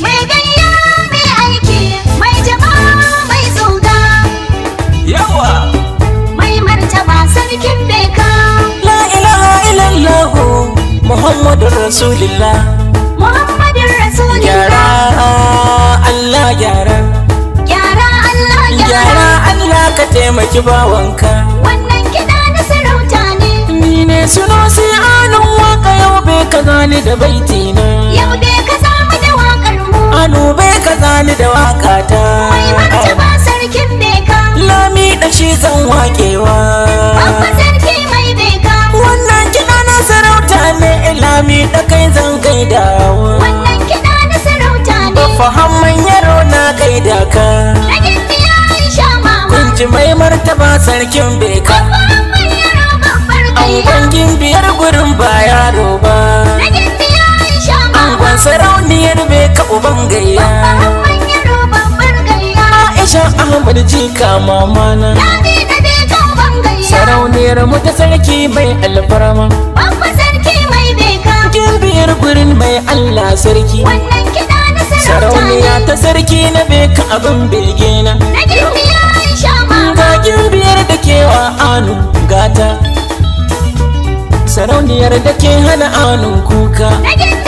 Mai gayya mai aiki mai jama'a mai tsoga. Mai martaba sarkin beka. La ilaha Muhammadun Rasulillah. Muhammadun Rasulillah. Gyara Allah gyara. Gyara Allah gyara. Gyara Allah ka taimaki bawanka. ka gani da baiti na yau dai ka samu da wakar mu anube ka gani da wakata mai ba sarkin beka lami da shi zan wakewa babba sarki mai beka wannan kina na sarauta ne lami da kai zan gaidawa wannan kina na sarauta ne fahamman yaro na kai da ka ragin biya aisha mama kun ji mai martaba sarkin beka an bangin biyar gurin ba yaro ba sarauniyar mai ka uban gayya Aisha Ahmad jika mama na Sarauniyar mu ta sarki mai alfarma Babba sarki mai beka biyar gurin mai Allah sarki Wannan kiɗa na sarauta Sarauniya ta sarki na beka abin bilge na Na gimbiya Aisha mama Ga gimbiyar da kewa anu gata Sarauniyar da ke hana anun kuka Na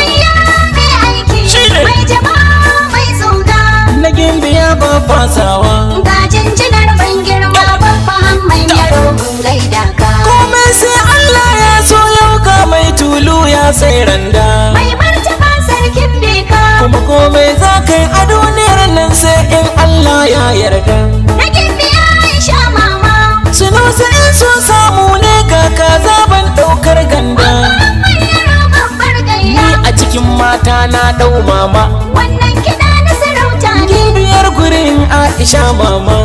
jaba mai tsoka na gimbiya babba sawa ga jinjinar ban girma babba mai yaro kun gaida ka sai Allah ya so yau ka mai tulu ya sai randa mai ba sarkin deka kuma komai za kai a duniyar nan sai in Allah ya yarda mama wannan kiɗa na sarauta ne bibiyar gurin aisha mama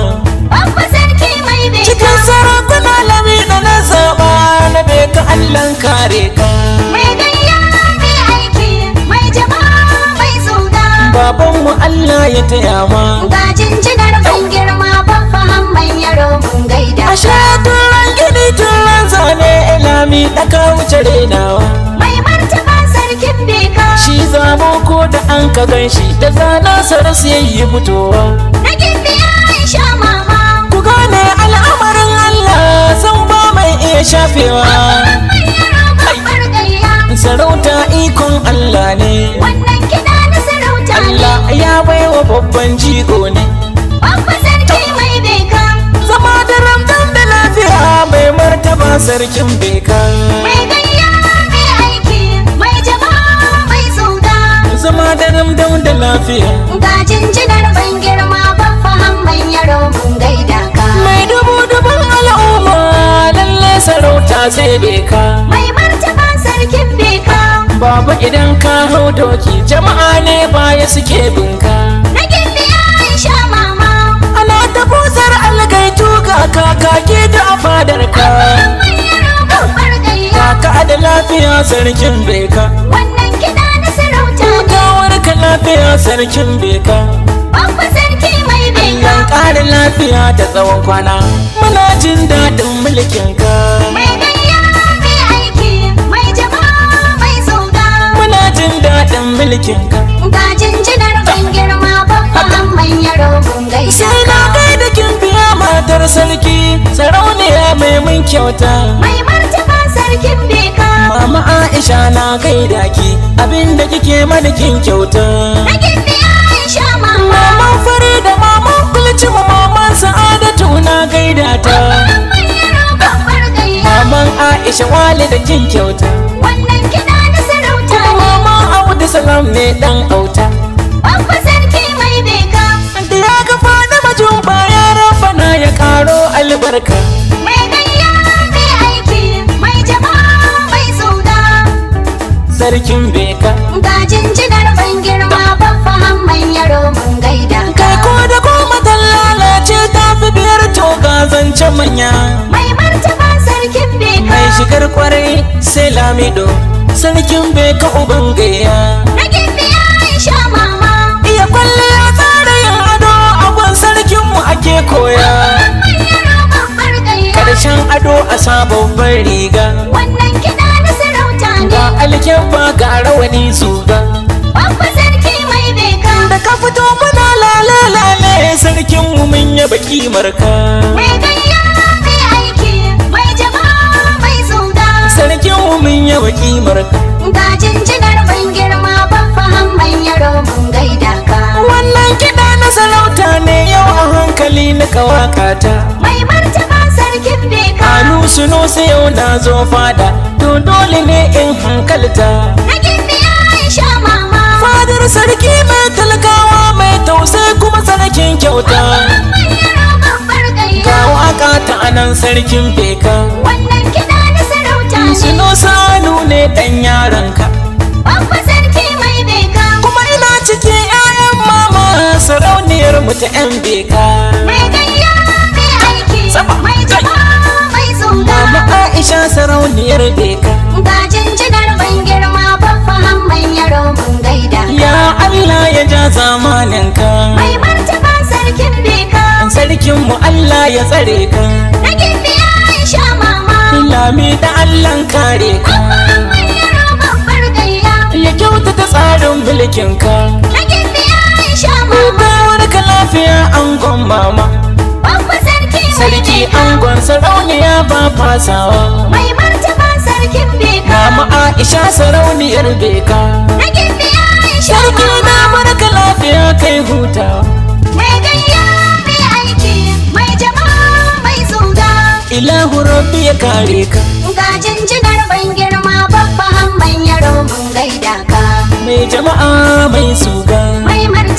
babba sarki mai beka cikin sarakuna lami da na zaɓa na beka allan kare ka mai gayya mai aiki mai jama'a mai tsoda babanmu allah ya taya ma ga jinjinar ban girma babba hamman yaro mun gaida ashe tun gini tun ran zane ilami ɗaka wuce renawa mai martaba sarkin beka shi zamo ko da an ka gan shi da zana saras ya yi fitowa na gimbiya aisha mama ku gane al'amarin allah san ba mai iya shafewa sarauta ikon allah ne wannan kiɗa na sarauta allah ya baiwa babban jigo ne Sarkin sarki mai beka zama da mai martaba sarkin lafiya ga jinjinar ban girma babba hamman yaro mun gaida ka mai dubu dubun al'umma lalle sarauta zai ka. mai martaba sarkin ka. Baba idan ka hau doki jama'a ne baya suke binka na gindi aisha mama ana ta busar algaitu ga kakaki da a fadar ka kaka da lafiya sarkin beka lafiya sarkin beka Babba sarki mai beka Ƙara lafiya da tsawon kwana Muna jin daɗin mulkin ka Mai gayya mai aiki Mai jama mai sauka Muna jin daɗin mulkin ka Ga jinjinar ban girma babban manyan rogon gaisa Sai na kai da kin biya matar sarki Sarauniya mai mun kyauta Mai martaba Mama Aisha na kai daki abinda kike mana kin kyauta. Na gimbe Aisha mama. Mama Farida mama Kulci mama Sa'adatu na gaida ta. Maman Aisha walida kin kyauta. Wannan kina na sarauta. Mama Audu Salam ne dan auta. Babba sarki mai beka. Da ya ga fada majumba ya na ya karo albarka. sarkin beka ga jinjinar ban girma babba hamman yaro mun gaida kai ko da goma ta lalace ta fi biyar to ga zance manya mai martaba sarkin beka mai shigar kwarai sai lamido sarkin beka uban gaya ragin biya aisha mama Ya kwalliya tsara yin ado abun sarkin mu ake koya karshen ado a sabon riga wannan ga fa ga rawani ga babba sarki mai beka da ka fito muna ne sarkin mu mun ya baki marka mai gayya mai aiki mai jama'a mai zuga sarkin mu mun ya baki marka ga jinjinar ban girma babba hamman yaro mun gaida ka wannan kiɗa na sarauta ne yau a hankali na ta. suno sai yau na zo fada to dole ne in hankalta na mama fadar sarki mai talakawa mai tausai kuma sarkin kyauta ga aka ta nan sarkin beka wannan na sarauta ne suno sanu ne dan yaranka mai beka kuma ina cikin 'ya'yan mama sarauniyar mu ta 'yan beka mai gayya mai aiki sha sarauniyar beka Ga jinjinar ban girma ba hamman yaro mun gaida Ya Allah ya ja zamanin ka Mai martaba sarkin beka Sarkin mu Allah ya tsare ka Na girbi Aisha mama Lami da Allah kare ka Babban yaro babbar gayya Ya kyautata tsarin mulkin ka Na girbi Aisha mama Ba ka lafiya an gon mama angon sarauniya ba fasawa mai martaba sarkin beka mama aisha sarauniyar beka nake biya aisha sarki na barka lafiya kai hutawa mai gayya mai aiki mai jama'a mai zuga ilahu rabbi ya kare ka ga jinjinar ban girma babban hanban yaro mun gaida ka mai jama'a mai zuga mai martaba